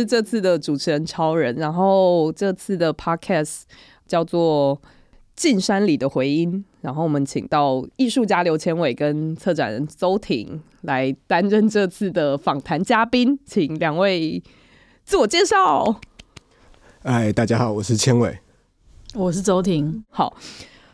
這是這次的主持人超人，然後這次的 podcast 叫做《禁山裡的迴音》，然後我們請到藝術家劉千瑋跟策展人鄒婷來擔任這次的訪談嘉賓，請兩位自我介紹。嗨，大家好，我是千瑋，我是鄒婷，好。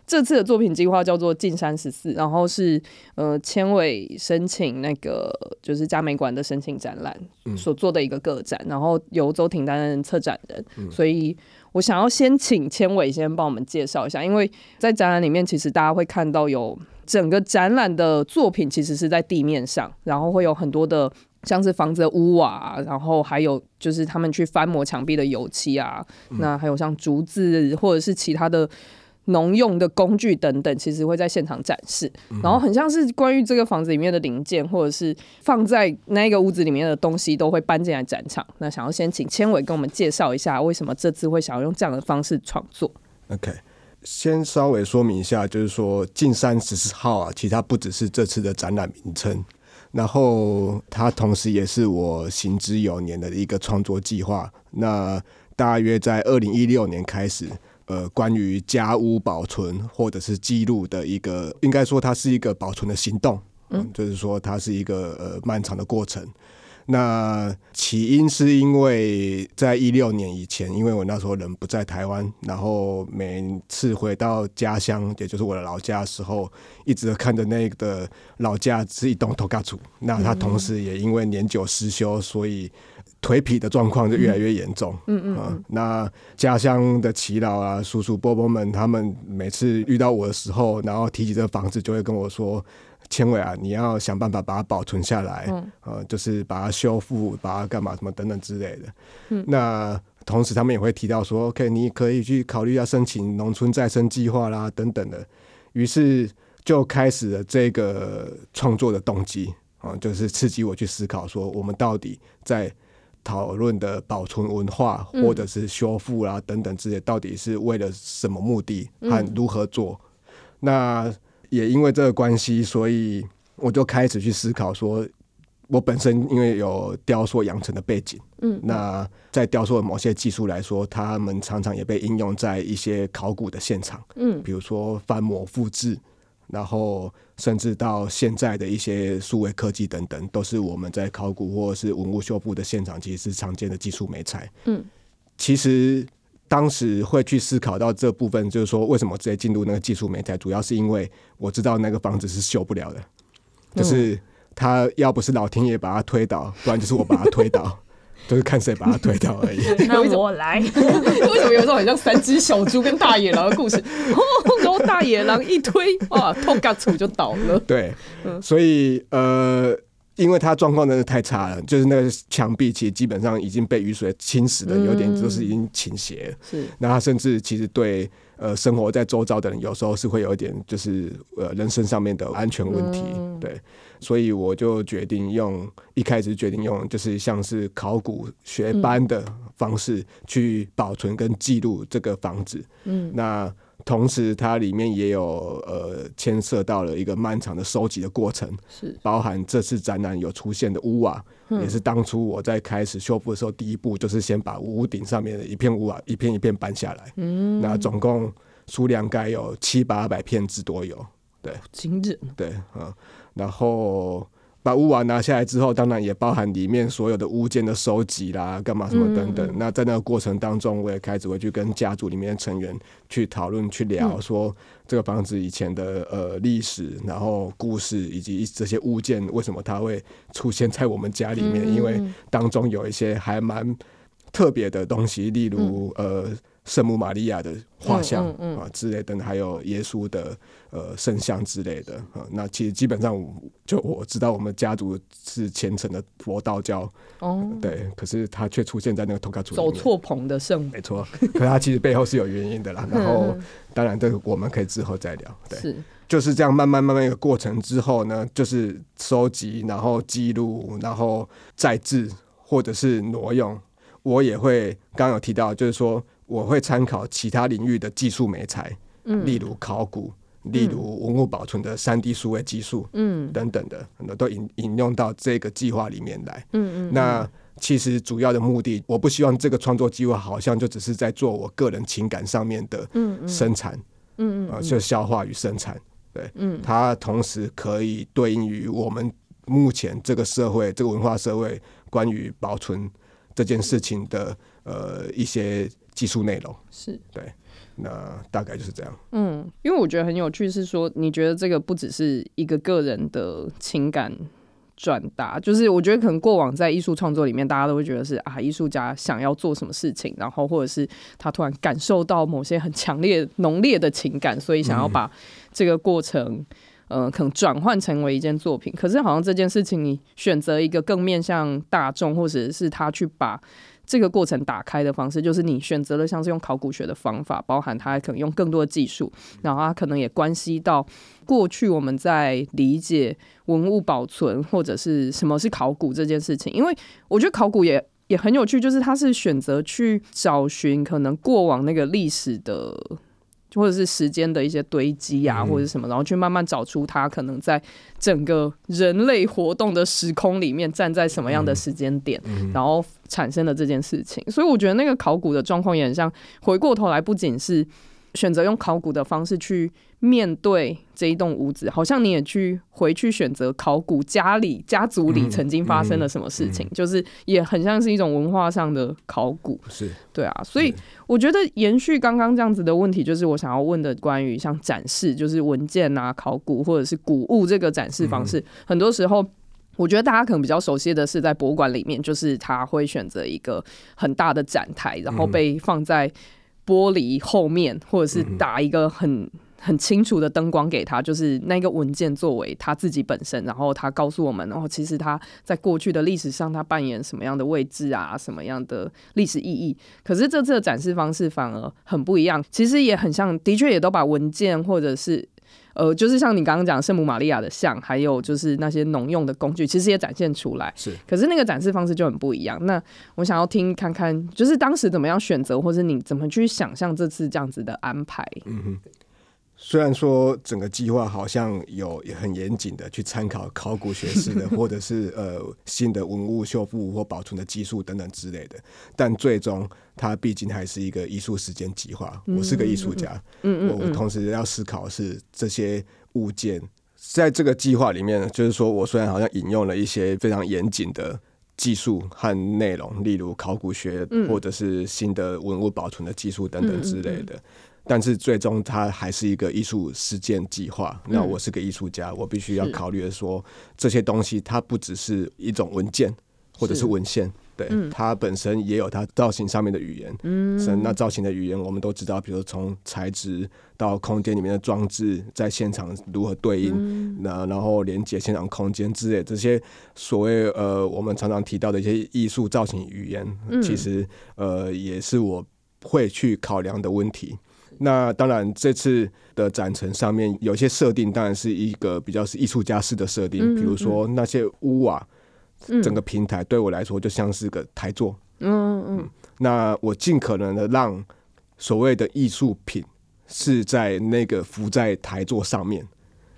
這次的作品計劃叫做《禁山十四》，然後是呃千瑋申請那個就是嘉美館的申請展覽所做的一個個展，嗯、然後由鄒婷擔任策展人，嗯、所以我想要先請千瑋先幫我們介紹一下，因為在展覽裡面其實大家會看到有整個展覽的作品其實是在地面上，然後會有很多的像是房子的屋瓦，啊，然後還有就是他們去翻磨牆壁的油漆啊，嗯、那還有像竹子或者是其他的。農用的工具等等，其實會在現場展示，嗯、然後很像是關於這個房子裡面的零件，或者是放在那個屋子裡面的東西，都會搬進來展場。那想要先請千瑋跟我們介紹一下，為什麼這次會想要用這樣的方式創作？OK，先稍微說明一下，就是說“禁山十四號”啊，其實它不只是這次的展覽名稱，然後它同時也是我行之有年的一個創作計劃。那大約在二零一六年開始。呃，關於家屋保存或者是記錄的一個，應該說它是一個保存的行動，嗯，嗯，就是說它是一個呃漫長的過程。那起因是因為在一六年以前，因為我那時候人不在台灣，然後每次回到家鄉，也就是我的老家的時候，一直看着那個老家是一棟土埆厝，那它同時也因為年久失修，嗯嗯，所以。頹圮的狀況就越來越嚴重，嗯嗯，嗯，嗯那家鄉的耆老啊、叔叔伯伯們，他們每次遇到我的時候，然後提起這個房子，就會跟我說：“千瑋啊，你要想辦法把它保存下來，嗯，嗯，就是把它修復、把它幹嘛、什麼等等之類的。嗯”那同時他們也會提到說：“OK，你可以去考慮一下申請農村再生計劃啦，等等的。”於是就開始了這個創作的動機啊、嗯，就是刺激我去思考說，我們到底在。討論的保存文化或者是修復啊等等之類，到底是為了什麼目的和如何做？嗯，那也因為這個關係，所以我就開始去思考說，說我本身因為有雕塑養成的背景，嗯，那在雕塑的某些技術來說，他們常常也被應用在一些考古的現場，嗯，比如說翻模複製，然後。甚至到現在的一些數位科技等等，都是我們在考古或者是文物修復的現場，其實是常見的技術媒材。嗯，其實當時會去思考到這部分，就是說為什麼直接進入那個技術媒材，主要是因為我知道那個房子是修不了的，嗯、就是他要不是老天爺把他推倒，不然就是我把他推倒， 就是看誰把他推倒而已。 那我來， 為什麼有種很像三隻小豬跟大野狼的故事？哦、大野狼一推， 哇，痛嘎楚就倒了。對，所以呃，因為他狀況真的是太差了，就是那個牆壁其實基本上已經被雨水侵蝕的有點，就是已經傾斜了，嗯。是，那他甚至其實對呃生活在周遭的人，有時候是會有一點就是呃人身上面的安全問題。嗯，對，所以我就決定用一開始決定用就是像是考古學般的方式去保存跟記錄這個房子。嗯，那。同時，它裡面也有呃，牽涉到了一個漫長的收集的過程，是包含這次展覽有出現的屋瓦，哼也是當初我在開始修復的時候，第一步就是先把屋頂上面的一片屋瓦一片一片搬下來，嗯，那總共數量該有七八百片之多有，對，精緻正，對，啊、嗯，然後。把屋瓦拿下來之後，當然也包含裡面所有的物件的收集啦，幹嘛什麼等等。嗯、那在那個過程當中，我也開始會去跟家族裡面的成員去討論、去聊，說這個房子以前的呃歷史、然後故事，以及這些物件為什麼它會出現在我們家裡面，嗯、因為當中有一些還蠻特別的東西，例如呃。聖母瑪利亞的畫像啊、嗯嗯嗯、之類等，還有耶穌的呃聖像之類的啊、呃。那其實基本上，就我知道，我們家族是虔誠的佛道教哦、呃。對，可是他卻出現在那個頭卡處走錯棚的聖，沒錯。可他其實背後是有原因的啦。 然後，當然，這我們可以之後再聊。對，是就是這樣慢慢慢慢一個過程之後呢，就是收集，然後記錄，然後再製或者是挪用。我也會剛剛有提到，就是說。我會參考其他領域的技術媒材，例如考古、嗯、例如文物保存的三 D 數位技術、嗯、等等的，很多都引引用到這個計劃裡面來。嗯嗯、那其實主要的目的，我不希望這個創作計劃好像就只是在做我個人情感上面的生產，啊、嗯嗯嗯嗯呃，就是、消化與生產。對，嗯、它同時可以對應於我們目前這個社會、這個文化社會關於保存這件事情的、嗯、呃一些。技術內容是對，那大概就是這樣。嗯，因為我覺得很有趣，是說你覺得這個不只是一個個人的情感轉達，就是我覺得可能過往在藝術創作裡面，大家都會覺得是啊，藝術家想要做什麼事情，然後或者是他突然感受到某些很強烈、濃烈的情感，所以想要把這個過程，嗯、呃，可能轉換成為一件作品。可是好像這件事情，你選擇一個更面向大眾，或者是他去把。這個過程打開的方式，就是你選擇了像是用考古學的方法，包含它可能用更多的技術，然後它可能也關係到過去我們在理解文物保存或者是什麼是考古這件事情。因為我覺得考古也也很有趣，就是他是選擇去找尋可能過往那個歷史的或者是時間的一些堆積啊，嗯、或者是什麼，然後去慢慢找出它可能在整個人類活動的時空裡面站在什麼樣的時間點，嗯嗯、然後。產生的這件事情，所以我覺得那個考古的狀況也很像。回過頭來，不僅是選擇用考古的方式去面對這一棟屋子，好像你也去回去選擇考古家裡、家族裡曾經發生了什麼事情，嗯嗯嗯、就是也很像是一種文化上的考古。是，對啊。所以我覺得延續剛剛這樣子的問題，就是我想要問的關於像展示，就是文件啊、考古或者是古物這個展示方式，嗯、很多時候。我覺得大家可能比較熟悉的是，在博物館裡面，就是他會選擇一個很大的展台，然後被放在玻璃後面，或者是打一個很很清楚的燈光給他，就是那個文件作為他自己本身，然後他告訴我們，然後其實他在過去的歷史上，他扮演什麼樣的位置啊，什麼樣的歷史意義？可是這次的展示方式反而很不一樣，其實也很像，的確也都把文件或者是。呃，就是像你剛剛講聖母瑪利亞的像，還有就是那些農用的工具，其實也展現出來。是。可是那個展示方式就很不一樣。那我想要聽看看，就是當時怎麼樣選擇，或是你怎麼去想象這次這樣子的安排？嗯哼雖然說整個計劃好像有很嚴謹的去參考考古學式的或者是呃新的文物修復或保存的技術等等之類的，但最終它畢竟還是一個藝術時間計劃。我是個藝術家，我同時要思考的是這些物件在這個計劃裡面，就是說我雖然好像引用了一些非常嚴謹的技術和內容，例如考古學或者是新的文物保存的技術等等之類的。但是最終，它還是一個藝術實踐計劃。那我是個藝術家，嗯、我必須要考慮的說是這些東西，它不只是一種文件，或者是文獻，是對、嗯、它本身也有它造型上面的語言。嗯，那造型的語言，我們都知道，比如說從材質到空間裡面的裝置，在現場如何對應，那、嗯、然後連接現場空間之類這些所謂呃，我們常常提到的一些藝術造型語言，其實、嗯、呃，也是我會去考量的問題。那當然，這次的展陳上面有些設定，當然是一個比較是藝術家式的設定。嗯嗯，比如說那些屋瓦，整個平台對我來說就像是個台座。嗯嗯，嗯，嗯。那我盡可能的讓所謂的藝術品是在那個浮在台座上面。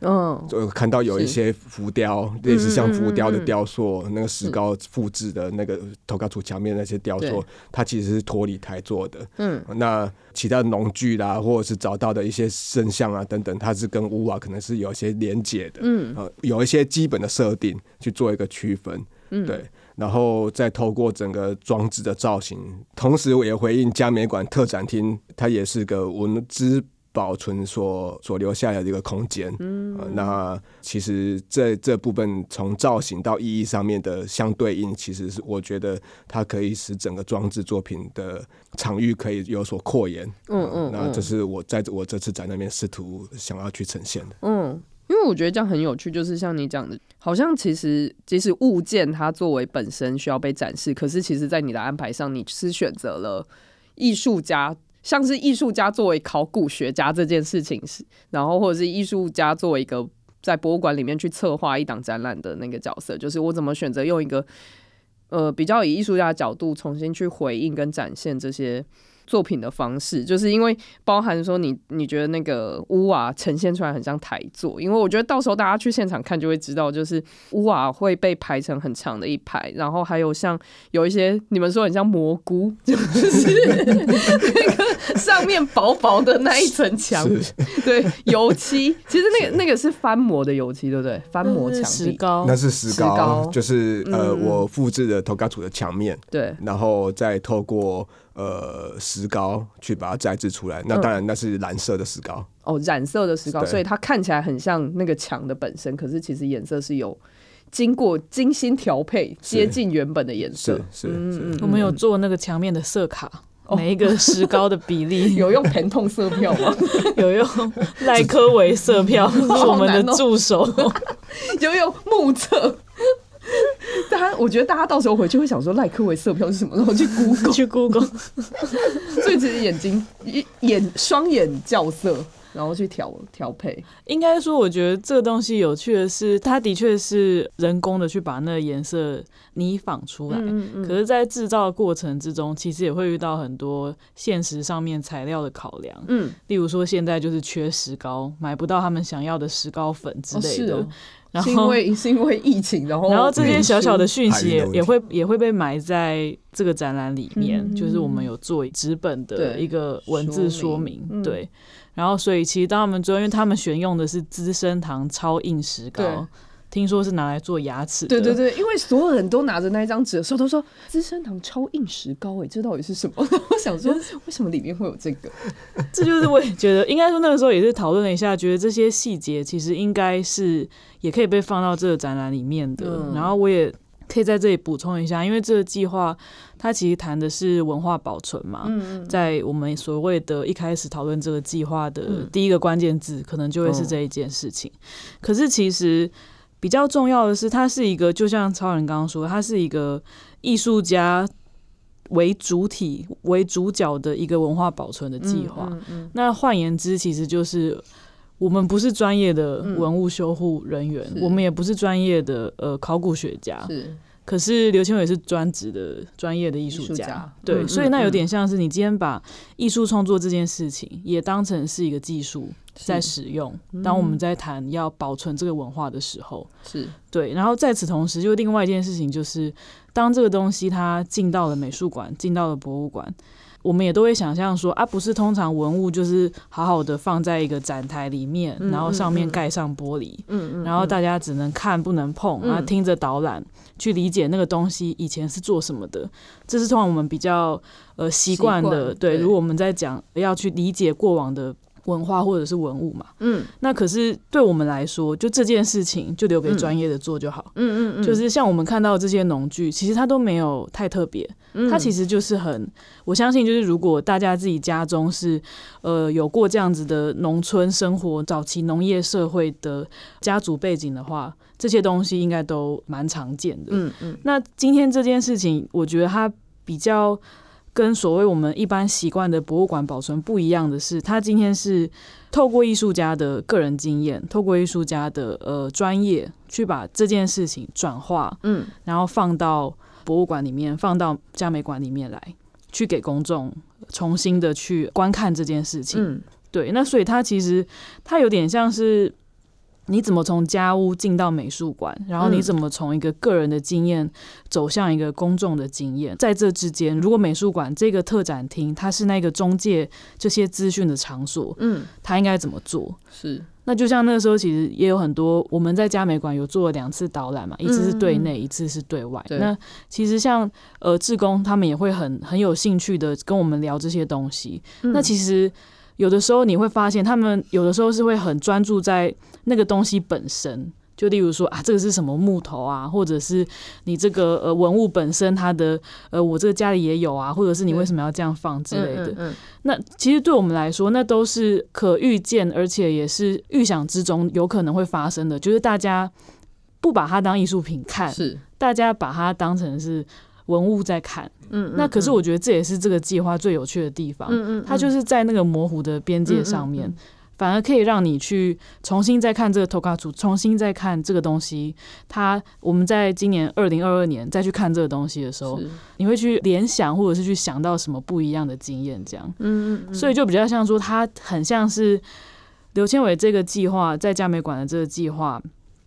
嗯，oh, 就看到有一些浮雕，是類似像浮雕的雕塑，嗯嗯嗯、那個石膏複製的那個、嗯、頭靠處牆面那些雕塑，嗯、它其實是脫離台座的。嗯，那其他農具啦，或者是找到的一些聖像啊等等，它是跟屋瓦可能是有一些連接的。嗯、呃，有一些基本的設定去做一個區分。嗯，對，然後再透過整個裝置的造型，同時我也回應嘉美館特展廳，它也是個文資。保存所所留下的一個空間，嗯、呃，那其實這這部分從造型到意義上面的相對應，其實是我覺得它可以使整個裝置作品的場域可以有所擴延，嗯，嗯嗯，呃、那這是我在我這次在那邊試圖想要去呈現的，嗯，因為我覺得這樣很有趣，就是像你講的，好像其實即使物件它作為本身需要被展示，可是其實在你的安排上，你是選擇了藝術家。像是藝術家作為考古學家這件事情是，然後或者是藝術家作為一個在博物館裡面去策劃一檔展覽的那個角色，就是我怎麼選擇用一個呃比較以藝術家的角度重新去回應跟展現這些作品的方式，就是因為包含說你你覺得那個屋瓦呈現出來很像台座，因為我覺得到時候大家去現場看就會知道，就是屋瓦會被排成很長的一排，然後還有像有一些你們說很像蘑菇，就是。 上面薄薄的那一層牆， 對，油漆，其實那個是那個是翻模的油漆，對不對？翻模牆壁，那是石膏，那是石膏，就是、嗯、呃，我複製的陶卡土的牆面，對，然後再透過呃石膏去把它摘製出來。那當然那是藍色的石膏，嗯、哦，染色的石膏，對所以它看起來很像那個牆的本身，可是其實顏色是有經過精心調配，接近原本的顏色。是，是，我們有做那個牆面的色卡。每一個石膏的比例、哦、有用 Pantone 色票嗎？有用賴科維色票，就是我們的助手，哦哦、 有用目測。大家，我覺得大家到時候回去會想說賴科維色票是什麼？然後去 Google，去 Google，所以其實 眼睛眼雙眼校色。然後去調調配，應該說，我覺得這個東西有趣的是，它的確是人工的去把那個顏色擬仿出來。嗯嗯嗯。可是，在製造的過程之中，其實也會遇到很多現實上面材料的考量。嗯。例如說，現在就是缺石膏，買不到他們想要的石膏粉之類的。啊，是喔。然後因為是因為疫情，然後然後這些小小的訊息也、嗯、也會也會被埋在這個展覽裡面。嗯嗯。就是我們有做紙本的一個文字說明。對。然後，所以其實當他們做，因為他們選用的是資生堂超硬石膏，對聽說是拿來做牙齒。對對對，因為所有人都拿着那一張紙的時候，都說 資生堂超硬石膏，欸，哎，這到底是什麼？我想說，為什麼裡面會有這個？這就是我覺得，應該說那個時候也是討論了一下，覺得這些細節其實應該是也可以被放到這個展覽裡面的。嗯、然後我也可以在這裡補充一下，因為這個計劃。他其實談的是文化保存嘛，在我們所謂的一開始討論這個計劃的第一個關鍵字，可能就會是這一件事情。可是其實比較重要的是，它是一個就像超人剛剛說，它是一個藝術家為主體為主角的一個文化保存的計劃。那換言之，其實就是我們不是專業的文物修護人員，我們也不是專業的呃考古學家。可是劉千瑋是專職的專業的藝術家，術對，所以那有點像是你今天把藝術創作這件事情也當成是一個技術在使用。當我們在談要保存這個文化的時候，是對。然後在此同時，就另外一件事情就是，當這個東西它進到了美術館、進到了博物館，我們也都會想象說啊，不是通常文物就是好好的放在一個展台裡面，然後上面蓋上玻璃，嗯，然後大家只能看不能碰，啊，聽着導覽。去理解那個東西以前是做什麼的，這是通常我們比較呃習慣的。習慣，對，對，如果我們在講要去理解過往的文化或者是文物嘛，嗯，那可是對我們來說，就這件事情就留給專業的做就好。嗯，嗯嗯嗯，就是像我們看到這些農具，其實它都沒有太特別，它其實就是很、嗯、我相信，就是如果大家自己家中是呃有過這樣子的農村生活、早期農業社會的家族背景的話。這些東西應該都蠻常見的。嗯嗯。嗯，那今天這件事情，我覺得它比較跟所謂我們一般習慣的博物館保存不一樣的是，它今天是透過藝術家的個人經驗，透過藝術家的呃專業，去把這件事情轉化，嗯，然後放到博物館裡面，放到嘉美館裡面來，去給公眾重新的去觀看這件事情。嗯，對，那所以它其實它有點像是。你怎麼從家屋進到美術館？然後你怎麼從一個個人的經驗走向一個公眾的經驗？嗯、在這之間，如果美術館這個特展廳，它是那個中介這些資訊的場所，嗯，它應該怎麼做？是。那就像那個時候，其實也有很多我們在嘉美館有做了兩次導覽嘛，一次是對內，嗯嗯，一次是對外。對，那其實像呃，志工他們也會很很有興趣的跟我們聊這些東西。嗯、那其實。有的時候你會發現，他們有的時候是會很專注在那個東西本身，就例如說啊，這個是什麼木頭啊，或者是你這個呃文物本身它的呃，我這個家裡也有啊，或者是你為什麼要這樣放之類的。嗯，嗯，嗯。那其實對我們來說，那都是可預見，而且也是預想之中有可能會發生的，就是大家不把它當藝術品看，是大家把它當成是。文物在看，嗯，嗯，嗯，那可是我覺得這也是這個計劃最有趣的地方，嗯，嗯，嗯，它就是在那個模糊的邊界上面，嗯嗯嗯，反而可以讓你去重新再看這個拓卡圖，重新再看這個東西，它我們在今年二零二二年再去看這個東西的時候，是你會去聯想或者是去想到什麼不一樣的經驗，這樣，嗯，嗯，嗯，所以就比較像說，它很像是劉千瑋這個計劃，在嘉美館的這個計劃。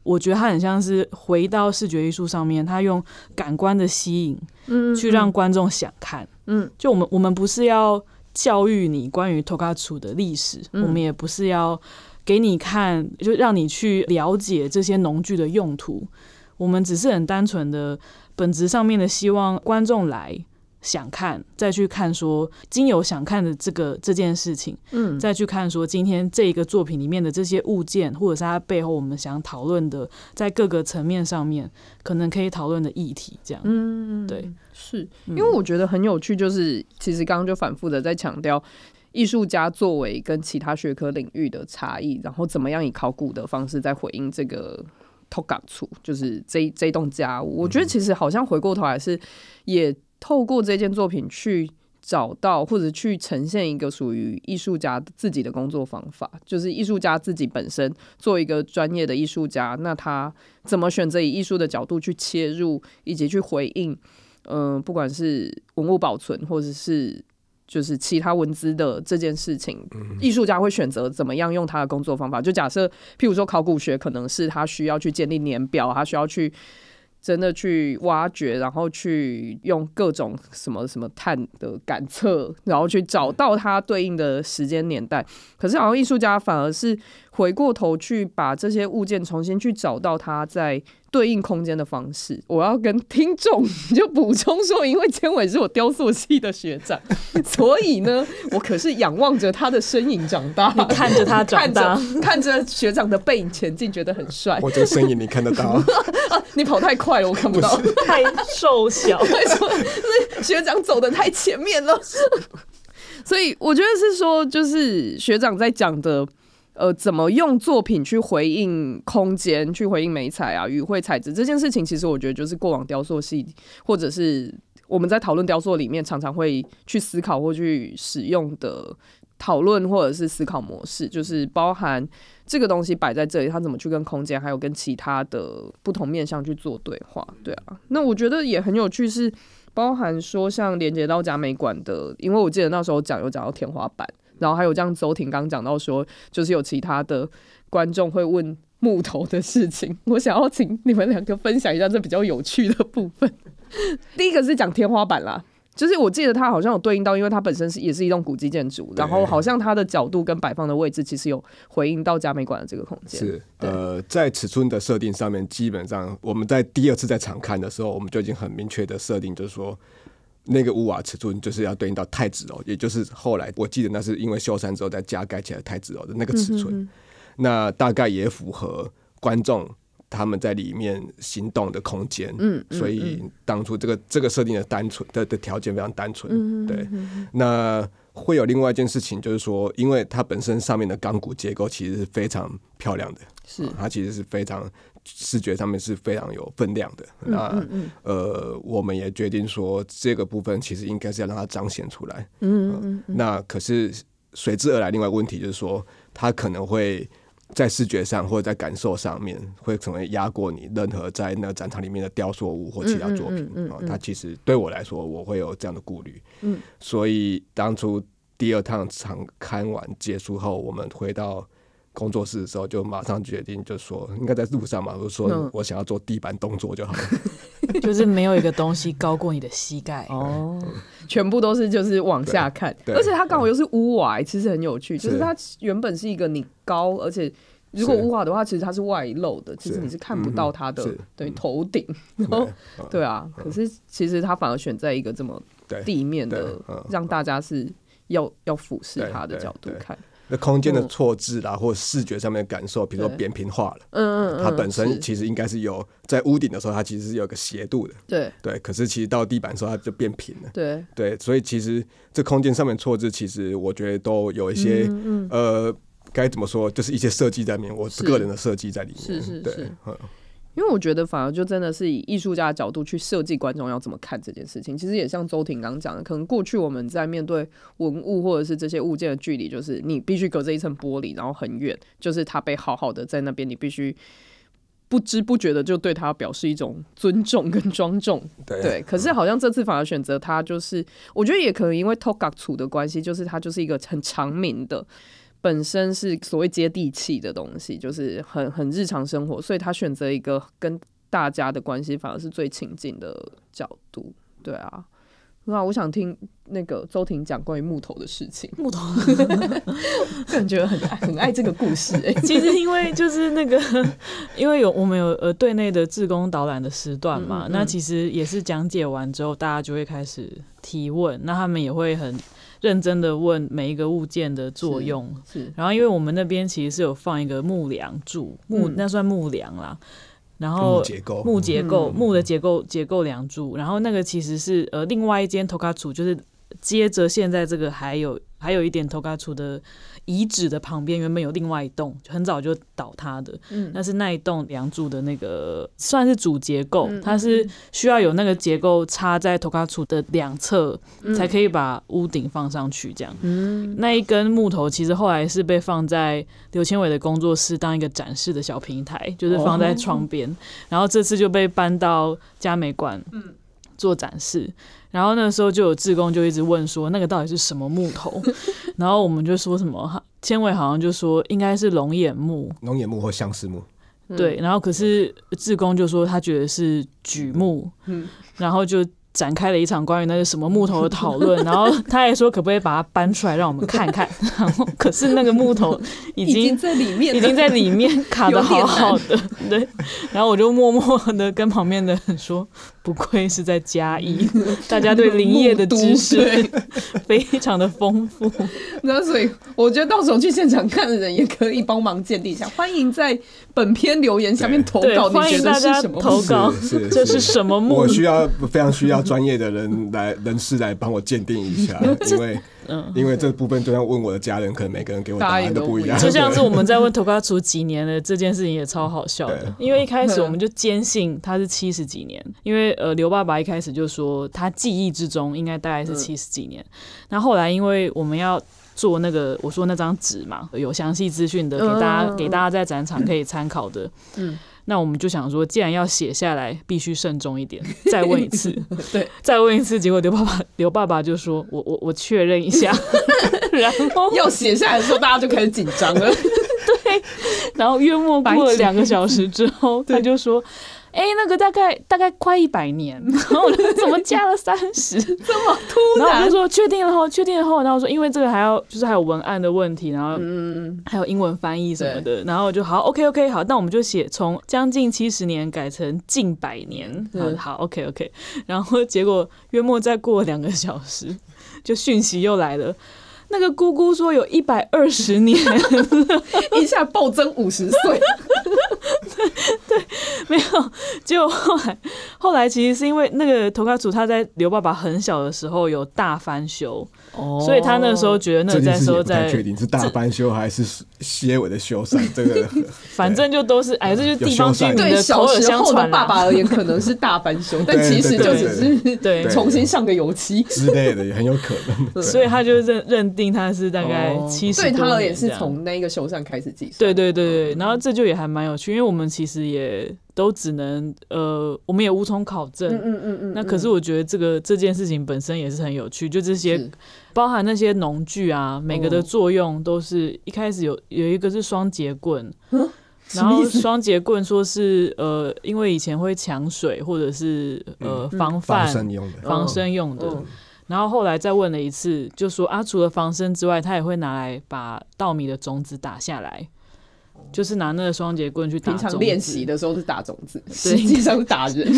我覺得它很像是回到視覺藝術上面，它用感官的吸引，嗯，去讓觀眾想看，嗯，嗯，就我們我們不是要教育你關於托卡楚的歷史，我們也不是要給你看，就讓你去了解這些農具的用途，我們只是很單純的，本質上面的希望觀眾來。想看，再去看說，經由想看的這個這件事情，嗯，再去看說，今天這一個作品裡面的這些物件，或者是它背後我們想討論的，在各個層面上面可能可以討論的議題，這樣，嗯，對，是因為我覺得很有趣，就是其實剛剛就反覆的在強調藝術家作為跟其他學科領域的差異，然後怎麼樣以考古的方式在回應這個偷感觸，就是這這棟家，我覺得其實好像回過頭來是也。透過這件作品去找到或者去呈現一個屬於藝術家自己的工作方法，就是藝術家自己本身做一個專業的藝術家，那他怎麼選擇以藝術的角度去切入以及去回應？嗯、呃，不管是文物保存，或者是就是其他文資的這件事情，藝術、嗯、家會選擇怎麼樣用他的工作方法？就假設，譬如說考古學可能是他需要去建立年表，他需要去。真的去挖掘，然後去用各種什麼什麼碳的感測，然後去找到它對應的時間年代。可是好像藝術家反而是。回過頭去把這些物件重新去找到它在對應空間的方式。我要跟聽眾就補充說，因為千瑋是我雕塑系的學長， 所以呢，我可是仰望着他的身影長大，你看着他長大，看着著 學長的背影前進，覺得很帥。我這個身影你看得到？ 啊，你跑太快了，我看不到。 太瘦小， 學長走得太前面了， 所以我覺得是說，就是學長在講的。呃，怎麼用作品去回應空間，去回應媒材啊，與會材質這件事情，其實我覺得就是過往雕塑系，或者是我們在討論雕塑裡面常常會去思考或去使用的討論或者是思考模式，就是包含這個東西擺在這裡，它怎麼去跟空間，還有跟其他的不同面向去做對話，對啊。那我覺得也很有趣是，是包含說像連接到嘉美館，的，因為我記得那時候講有講到天花板。然後還有這樣，鄒婷剛講到說，就是有其他的觀眾會問木頭的事情，我想要請你們兩個分享一下這比較有趣的部分。 第一個是講天花板啦，就是我記得他好像有對應到，因為它本身是也是一棟古蹟建築，對然後好像它的角度跟擺放的位置其實有回應到嘉美館的這個空間。是，對呃，在尺寸的設定上面，基本上我們在第二次在場看的時候，我們就已經很明確的設定，就是說。那個屋瓦尺寸就是要對應到太子樓，也就是後來我記得那是因為修繕之後再加蓋起來太子樓的那個尺寸，嗯、哼哼，那大概也符合觀眾他們在裡面行動的空間。嗯嗯嗯，所以當初這個這個設定的單純的的條件非常單純。對。嗯、哼哼，那會有另外一件事情，就是說，因為它本身上面的鋼骨結構其實是非常漂亮的，是、哦、它其實是非常。視覺上面是非常有分量的，嗯嗯嗯那呃，我們也決定說，這個部分其實應該是要讓它彰顯出來。嗯，嗯，嗯，嗯、呃、那可是隨之而來，另外一個問題就是說，它可能會在視覺上或者在感受上面，會成為壓過你任何在那個展場裡面的雕塑物或其他作品啊。它其實對我來說，我會有這樣的顧慮。嗯。所以當初第二趟場看完結束後，我們回到。工作室的時候，就馬上決定，就說應該在路上嘛，就說我想要做地板動作就好了。就是沒有一個東西高過你的膝蓋哦，全部都是就是往下看，而且它剛好又是屋瓦，其實很有趣。就是它原本是一個你高，而且如果屋瓦的話，其實它是外露的，其實你是看不到它的對頭頂。然後對啊，可是其實它反而選在一個這麼地面的，讓大家是要要俯視它的角度看。空間的錯置啦，嗯、或視覺上面的感受，比如說扁平化了，嗯，嗯，嗯，它本身其實應該是有是在屋頂的時候，它其實是有一個斜度的，對對。可是其實到地板的時候，它就變平了，對，對，所以其實這空間上面錯置，其實我覺得都有一些，嗯嗯呃，該怎麼說，就是一些設計在裡面，是我是個人的設計在裡面，是，對是是是，嗯。因為我覺得反而就真的是以藝術家的角度去設計觀眾要怎麼看這件事情。其實也像鄒婷剛講的，可能過去我們在面對文物或者是這些物件的距離，就是你必須隔着一層玻璃，然後很遠，就是它被好好的在那邊，你必須不知不覺的就對它表示一種尊重跟莊重。對。對，可是好像這次反而選擇它，就是我覺得也可能因為 t o k k 的關係，就是它就是一個很長明的。本身是所謂接地氣的東西，就是很很日常生活，所以他選擇一個跟大家的關係反而是最親近的角度，對啊。那我想聽那個鄒婷講關於木頭的事情。木頭， 感覺很愛很愛這個故事誒、欸。其實因為就是那個，因為有我們有呃隊內的志工導覽的時段嘛，嗯嗯那其實也是講解完之後，大家就會開始提問，那他們也會很。認真的問每一個物件的作用，是是，然後因為我們那邊其實是有放一個木梁柱，嗯、木，那算木梁啦，然後木結構、嗯、木的結構結構梁柱，然後那個其實是呃另外一間頭卡 k 就是。接着，現在這個還有還有一點托卡楚的遺址的旁邊，原本有另外一棟，就很早就倒塌的。嗯，那是那一棟樑柱的那個，算是主結構，嗯、它是需要有那個結構插在托卡楚的兩側，嗯、才可以把屋頂放上去。這樣，嗯、那一根木頭其實後來是被放在劉千瑋的工作室當一個展示的小平台，就是放在窗邊，哦、然後這次就被搬到嘉美館。嗯做展示，然後那個時候就有志工就一直問說，那個到底是什麼木頭？ 然後我們就說什麼，千瑋好像就說應該是龍眼木，龍眼木或相思木。對，然後可是志工就說他覺得是榉木，嗯，然後就展開了一場關於那個什麼木頭的討論。 然後他還說可不可以把它搬出來讓我們看看？ 然後可是那個木頭已經,已經在裡面，已經在裡面卡的好好的，對。然後我就默默的跟旁邊的人說。不愧是在嘉義，大家對林業的知識非常的豐富。 那所以，我覺得到時候去現場看的人也可以幫忙鑑定一下。歡迎在本篇留言下面投稿，你覺得是什麼？歡迎大家投稿，是是是是，這是什麼木？我需要非常需要專業的人來 人士來幫我鑑定一下， 因為。嗯，因為這部分就像問我的家人，嗯、可能每個人給我答案都不一樣。嗯、對就像是我們在問土角厝幾年了， 這件事情也超好笑的。對因為一開始我們就堅信他是七十幾年，對嗯、因為呃劉爸爸一開始就說他記憶之中應該大概是七十幾年。那、嗯、後，後來因為我們要做那個，我說那張紙嘛，有詳細資訊的，給大家、嗯、給大家在展場可以參考的。嗯。嗯那我們就想說，既然要寫下來，必須慎重一點。再問一次， 對，再問一次，結果劉爸爸劉爸爸就說：“我我我確認一下。” 然後要寫下來的時候，大家就開始緊張了。 對，然後月末過了兩個小時之後，白癡 他就說。哎、欸，那個大概大概快一百年，然後我就說怎麼加了三十，這麼突然？然後我就說確定了後，確定了後，然後，然後我說因為這個還要就是還有文案的問題，然後嗯還有英文翻譯什麼的，嗯、然後我就好，OK OK，好，那我們就寫從將近七十年改成近百年。是然後好，OK OK，然後結果約莫再過兩個小時，就訊息又來了。那個姑姑說有一百二十年， 一下暴增五十歲。對，沒有。結果後來，後來其實是因為那個頭蓋組，他在劉爸爸很小的時候有大翻修，哦、所以他那個時候覺得那在說，在不確定是大翻修還是些微的修繕。這個反正就都是、嗯、哎，這是就是地方居民的口耳相傳。對的爸爸而言可能是大翻修， 但其實就只是對重新上個油漆之類的也很有可能。 對 所以他就認認定。它是大概七十，對，他也是從那個修繕開始計算。對對對對，然後這就也還蠻有趣，因為我們其實也都只能呃，我們也無從考證。嗯嗯嗯嗯。那可是我覺得這個這件事情本身也是很有趣，就這些包含那些農具啊，每個的作用都是一開始有有，一個是雙節棍，然後雙節棍說是呃，因為以前會搶水或者是呃防範防身用的。然後後來再問了一次，就說啊，除了防身之外，他也會拿來把稻米的種子打下來，就是拿那個雙節棍去打，平常練習的時候是打種子，實際上打人。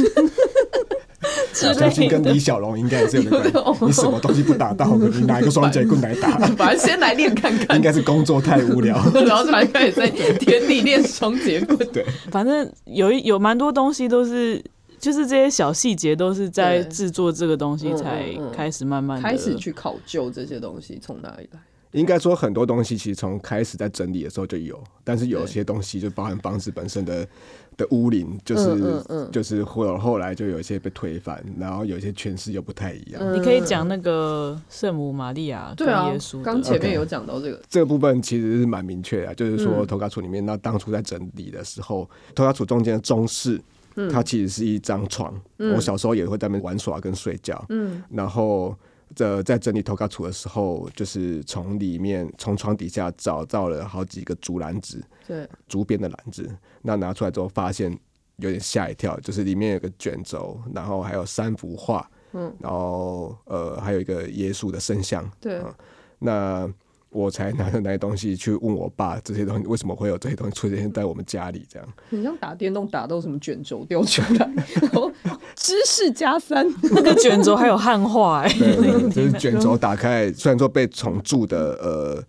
我相信跟李小龍應該也是有關。你什麼東西不打到？你拿一個雙節棍來打？反正先來練看看。應該是工作太無聊，然後才開始在田地練雙節棍。對，反正有一有蠻多東西都是。就是這些小細節，都是在制作這個東西才開始慢慢開始去考究這些東西從哪裡來。應該說很多東西其實從開始在整理的時候就有，但是有些東西就包含房子本身的的屋齡，就是就是會有後來就有一些被推翻，然後有一些詮釋又不太一樣。你可以講那個聖母瑪利亞對啊，耶穌。剛前面有講到這個 okay，這個部分其實是蠻明確的，就是說《托卡楚》裡面那當初在整理的時候，《托卡楚》中間的中世。它其實是一張床，嗯嗯、我小時候也會在那邊玩耍跟睡覺。嗯、然後在在整理投卡處的時候，就是從裡面從床底下找到了好幾個竹籃子，對竹編的籃子。那拿出來之後，發現有點嚇一跳，就是裡面有個卷軸，然後還有三幅畫，嗯、然後呃，還有一個耶穌的聖像，對，嗯、那。我才拿着那些東西去問我爸，這些東西為什麼會有這些東西出現在我們家裡？這樣，很像打電動打到什麼卷軸掉出來， 然後知識加三 那個卷軸還有漢化哎、欸，就是卷軸打開，雖然說被蟲蛀的呃，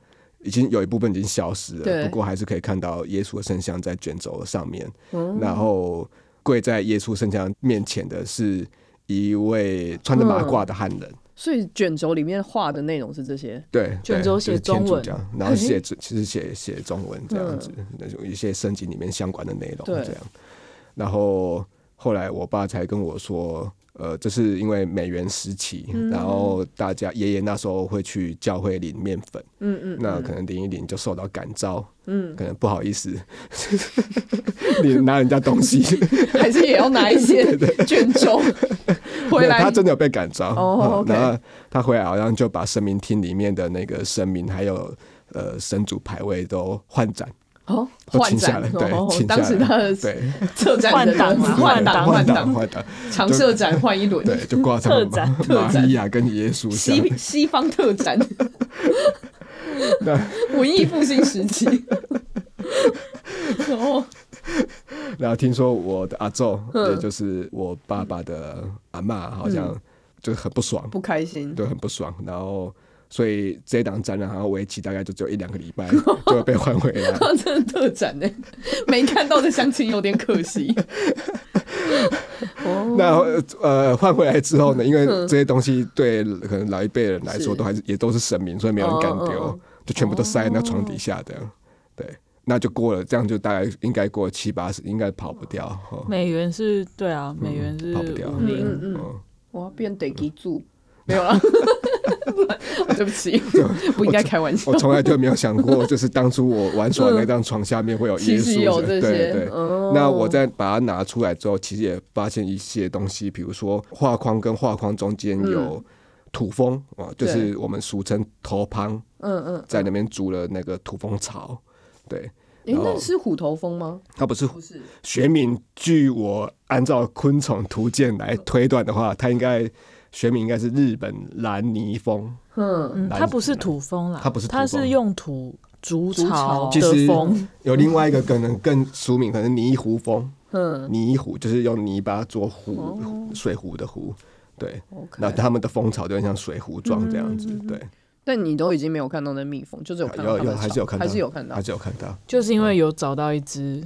已經有一部分已經消失了，對不過還是可以看到耶穌的聖像在卷軸上面，嗯、然後跪在耶穌聖像面前的是一位穿着馬褂的漢人。嗯所以卷軸裡面畫的內容是這些，對，對卷軸寫中文，這樣然後寫嘿其實寫寫中文這樣子，嗯、那種一些聖經裡面相關的內容這樣，對然後後來我爸才跟我說。呃，這、就是因為美援時期，然後大家爺爺那時候會去教會領面粉，嗯嗯，嗯嗯那可能領一領就受到感召，嗯，可能不好意思，嗯、 你拿人家東西， 還是也要拿一些卷宗 對對對 回來。他真的有被感召，哦、oh, okay，那他回來好像就把神明廳裡面的那個神明還有呃神主牌位都換展。哦，換展了，對，當時他的特展的嘛，換檔、換檔、換檔，常設展換一輪，對，就掛上特展，瑪麗亞跟耶穌西西方特展，對，文藝復興時期。哦，然後聽說我的阿祖，也就是我爸爸的阿嬤，好像就很不爽，不開心，對，很不爽，然後。所以這一檔展覽還要為期大概就只有一兩個禮拜，就會被換回來。真的特展呢，沒看到的鄉親，有點可惜。那呃，換回來之後呢，因為這些東西，對可能老一輩人來說都還是也都是神明，所以沒有人敢丟，就全部都塞在那床底下的。對，那就過了，這樣就大概應該過了七八十，應該跑不掉。美元是對啊，美元是跑不掉。嗯嗯，我要變得 a 住，沒有了。對不起，不應該開玩笑。我從來就沒有想過，就是當初我玩耍的那張床下面會有椰樹，對對。那我再把它拿出來之後，其實也發現一些東西，比如說畫框跟畫框中間有土蜂啊，就是我們俗稱頭胖，嗯嗯，在那邊築了那個土蜂巢。對，欸，那是虎頭蜂嗎？它不是，不是。學名，據我按照昆蟲圖鑑來推斷的話，它應該。學名應該是日本藍泥蜂，它不是土蜂啦，它不是，它是用土築巢的蜂。其實有另外一個可能更俗名，可能泥壺蜂，泥壺就是用泥巴做壺，水壺的壺，對，那他們的蜂巢就像水壺狀這樣子，對。但你都已經沒有看到那蜜蜂，就是有看到，有看到，還是有看到，還是有看到，就是因為有找到一隻。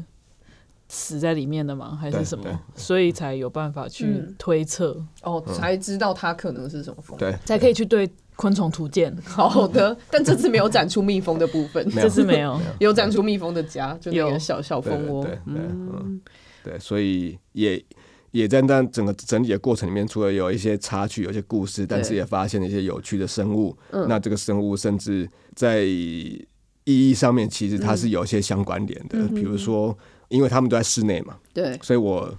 死在裡面的嗎？還是什麼？所以才有辦法去推測哦，才知道它可能是什麼蜂，才可以去對昆蟲圖鑑。好的，但這次沒有展出蜜蜂的部分，這次沒有，有展出蜜蜂的家，就有點小小蜂窩。嗯，對，所以也也在那整個整體的過程裡面，除了有一些插曲、有些故事，但是也發現了一些有趣的生物。那這個生物甚至在意義上面，其實它是有一些相關聯的，比如說。因為他們都在室內嘛，對，所以我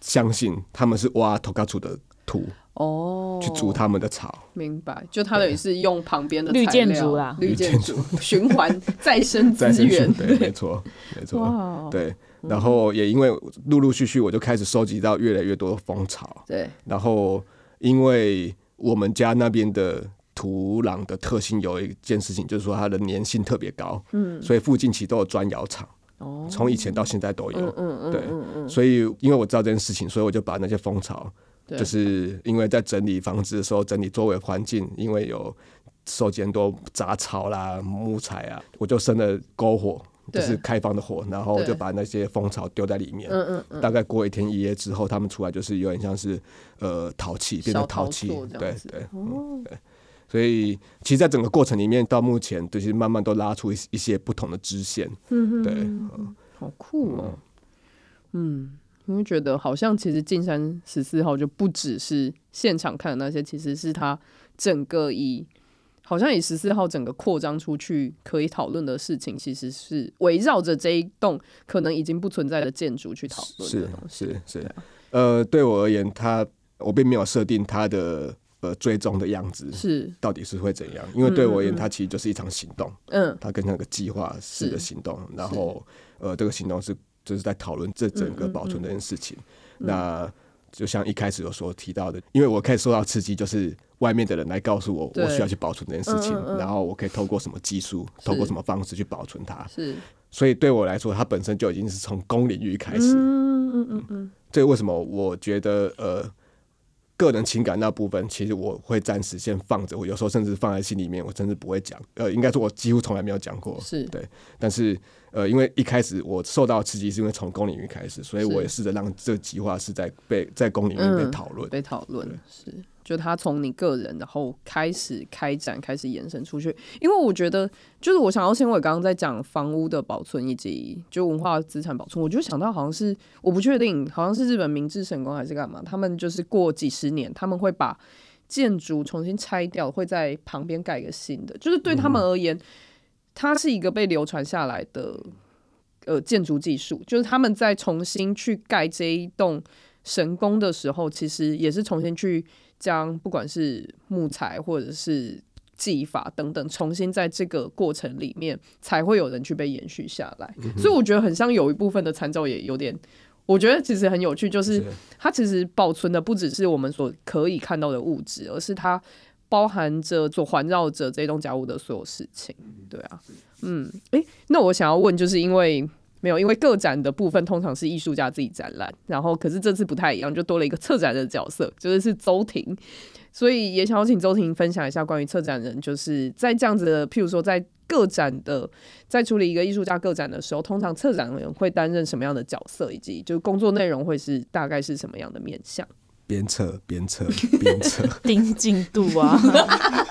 相信他們是挖土卡族的土哦，去築他們的巢，明白，就他等於是用旁邊的綠建築啦，綠建築循環再生資源，對，沒錯，沒錯，對。然後也因為陸陸續續，我就開始收集到越來越多的蜂巢。對，然後因為我們家那邊的土壤的特性，有一件事情就是說它的粘性特別高，嗯，所以附近其實都有磚窑廠。從以前到現在都有，嗯嗯嗯嗯、對，所以因為我知道這件事情，所以我就把那些蜂巢，對就是因為在整理房子的時候，整理周圍環境，因為有收集很多雜草啦、木材啊，我就生了篝火，對就是開放的火，然後我就把那些蜂巢丟在裡面，對大概過一天一夜之後，他們出來就是有點像是呃陶器，變成陶器，對對，對、嗯哦所以，其實，在整個過程裡面，到目前，就是慢慢都拉出一一些不同的支線。嗯哼對。好酷哦，啊。嗯，我、嗯、覺得好像其實禁山十四號就不只是現場看的那些，其實是他整個以好像以十四號整個擴張出去可以討論的事情，其實是圍繞着這一棟可能已經不存在的建築去討論。是的是是。啊，呃，對我而言，他我並沒有設定他的。呃，最終的樣子是到底是會怎樣？因為對我而言，它其實就是一場行動，嗯，它跟那個計劃式的行動。然後，呃，這個行動是就是在討論這整個保存這件事情。那就像一開始有所提到的，因為我開始受到刺激，就是外面的人來告訴我，我需要去保存這件事情，然後我可以透過什麼技術，透過什麼方式去保存它。是，所以對我來說，它本身就已經是從公領域開始。嗯嗯嗯嗯，這為什麼？我覺得呃。個人情感那部分，其實我會暫時先放着，我有時候甚至放在心裡面，我真的不會講。呃，應該說，我幾乎從來沒有講過。是，對。但是，呃，因為一開始我受到刺激是因為從公領域開始，所以我也試着讓這個計劃是在被在公領域被討論、嗯、對被討論。是。就他從你個人，然後開始開展，開始延伸出去。因為我覺得，就是我想要先，我剛剛在講房屋的保存以及就文化資產保存，我就想到好像是，我不確定，好像是日本明治神宮還是幹嘛，他們就是過幾十年，他們會把建築重新拆掉，會在旁邊蓋一個新的。就是對他們而言，嗯、它是一個被流傳下來的呃建築技術。就是他們在重新去蓋這一棟神宮的時候，其實也是重新去。將不管是木材或者是技法等等，重新在這個過程裡面，才會有人去被延續下來。嗯、哼所以我覺得很像有一部分的參照也有點，我覺得其實很有趣，就是，是的它其實保存的不只是我們所可以看到的物質，而是它包含着、所環繞着這棟家屋的所有事情。對啊，嗯，誒、欸，那我想要問，就是因為。沒有，因為個展的部分通常是藝術家自己展覽，然後可是這次不太一樣，就多了一個策展的角色，就是是鄒婷，所以也想要請鄒婷分享一下關於策展人，就是在這樣子的，譬如說在個展的，在處理一個藝術家個展的時候，通常策展人會擔任什麼樣的角色，以及就工作內容會是大概是什麼樣的面向？邊策邊策邊策，盯進 度啊。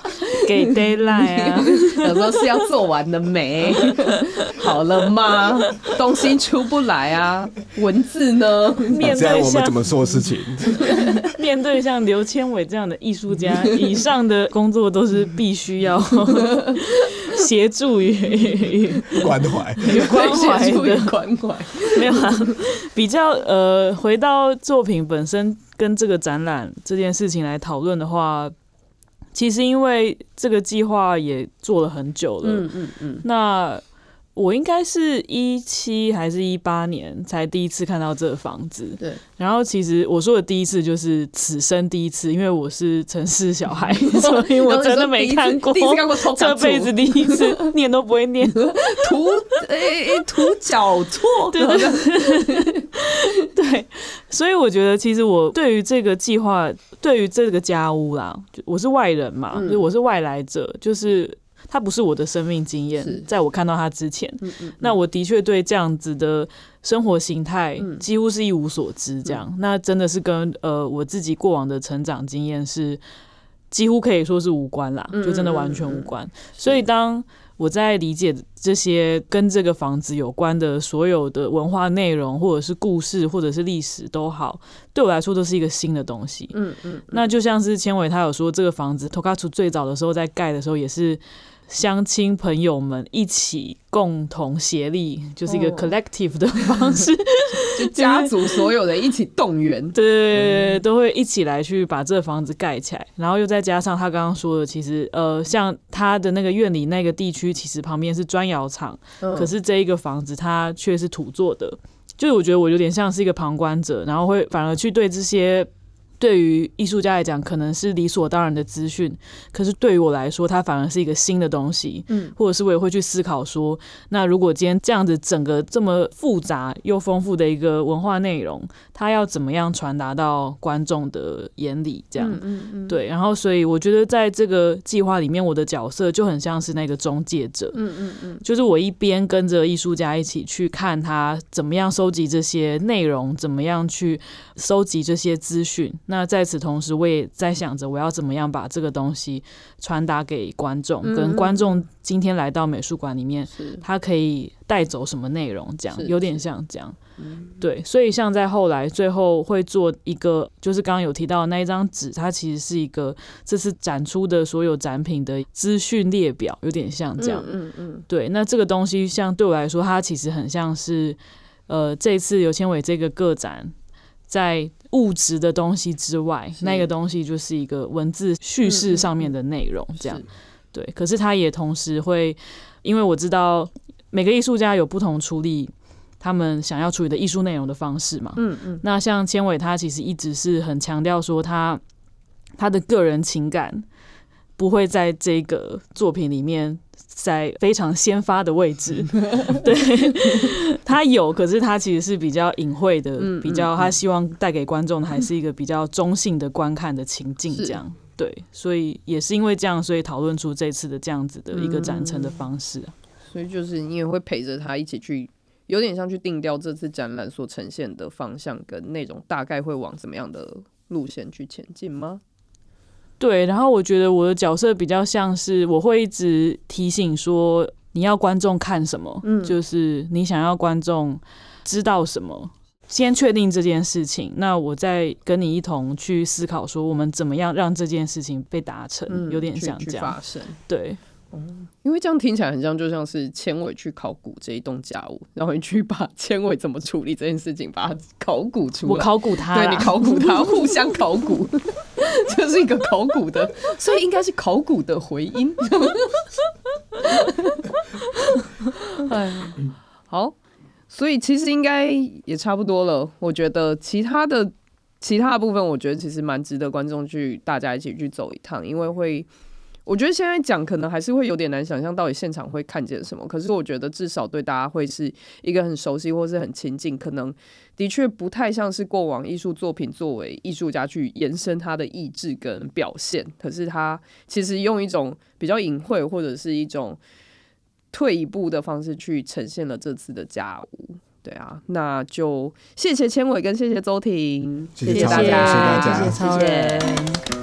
給 deadline 啊！有時候是要做完了沒？好了嗎？東西出不來啊？文字呢？面對、啊、這樣，我們怎麼做事情？面對像劉千瑋這樣的藝術家， 以上的工作都是必須要協助於關懷懷、與關懷的關懷。沒有啊？比較呃，回到作品本身跟這個展覽這件事情來討論的話。其實，因為這個計劃也做了很久了。嗯，嗯嗯嗯，那。我應該是一七還是一八年才第一次看到這個房子。對。然後其實我說的第一次就是此生第一次，因為我是城市小孩，所以 我真的沒看過，這輩子第一次念 都不會念，土、欸欸、土埆厝。欸欸 對。對。 所以我覺得，其實我對於這個計劃，對於這個家屋啦，我是外人嘛，嗯、我是外來者，就是。它不是我的生命經驗，在我看到它之前是，嗯嗯、那我的確對這樣子的生活形態幾乎是一無所知。這樣、嗯，那真的是跟呃我自己過往的成長經驗是幾乎可以說是無關啦，就真的完全無關。所以，當我在理解這些跟這個房子有關的所有的文化內容，或者是故事，或者是歷史都好，對我來說都是一個新的東西。嗯嗯，那就像是千瑋他有說，這個房子托卡圖最早的時候在蓋的時候也是。鄉親朋友們一起共同協力，就是一個 collective 的方式，oh. 就家族所有的一起動員。對，對，對，對，對，對，嗯、都會一起來去把這房子蓋起來。然後又再加上他剛剛說的，其實呃，像他的那個院裡那個地區，其實旁邊是磚窑廠，oh. 可是這一個房子它卻是土做的。就是我覺得我有點像是一個旁觀者，然後會反而去對這些。對於藝術家來講，可能是理所當然的資訊，可是對於我來說，它反而是一個新的東西。嗯，或者是我也會去思考說，那如果今天這樣子，整個這麼複雜又豐富的一個文化內容，它要怎麼樣傳達到觀眾的眼裡？這樣，嗯，嗯嗯，對。然後，所以我覺得在這個計劃裡面，我的角色就很像是那個中介者。嗯嗯嗯，就是我一邊跟着藝術家一起去看他怎麼樣收集這些內容，怎麼樣去收集這些資訊。那在此同時，我也在想着我要怎麼樣把這個東西傳達給觀眾，跟觀眾今天來到美術館裡面，他可以帶走什麼內容？這樣有點像這樣，對。所以像在後來最後會做一個，就是剛剛有提到的那一張紙，它其實是一個這次展出的所有展品的資訊列表，有點像這樣。嗯嗯。對，那這個東西像對我來說，它其實很像是呃，這次劉千瑋這個個展在。物質的東西之外，是那個東西就是一個文字敘事上面的內容，這樣，嗯嗯嗯對。可是他也同時會，因為我知道每個藝術家有不同處理他們想要處理的藝術內容的方式嘛，嗯嗯。那像千瑋，他其實一直是很強調說他他的個人情感，不會在這個作品裡面在非常先發的位置， 對他有，可是他其實是比較隱晦的，嗯、比較他希望帶給觀眾的還是一個比較中性的觀看的情境，這樣是對，所以也是因為這樣，所以討論出這次的這樣子的一個展陳的方式，嗯。所以就是你也會陪着他一起去，有點像去定調這次展覽所呈現的方向跟內容，大概會往什麼樣的路線去前進嗎？對，然後我覺得我的角色比較像是我會一直提醒說，你要觀眾看什麼，嗯、就是你想要觀眾知道什麼，先確定這件事情，那我再跟你一同去思考說我們怎麼樣讓這件事情被達成，嗯、有點像這樣，發生對。因為這樣聽起來很像就像是千瑋去考古這一棟家屋，然後你去把千瑋怎麼處理這件事情把它考古出來。我考古他， 對，你考古他，互相考古。 這 是一個考古的。所以應該是考古的回音。哎 好，所以其實應該也差不多了。我覺得其他的其他的部分，我覺得其實蠻值得觀眾去大家一起去走一趟，因為會。我覺得現在講可能還是會有點難想象到底現場會看見什麼，可是我覺得至少對大家會是一個很熟悉或是很親近，可能的確不太像是過往藝術作品作為藝術家去延伸他的意志跟表現，可是他其實用一種比較隱晦或者是一種退一步的方式去呈現了這次的家屋。對啊，那就謝謝千瑋跟謝謝鄒婷，謝謝大家，謝謝大家，謝謝。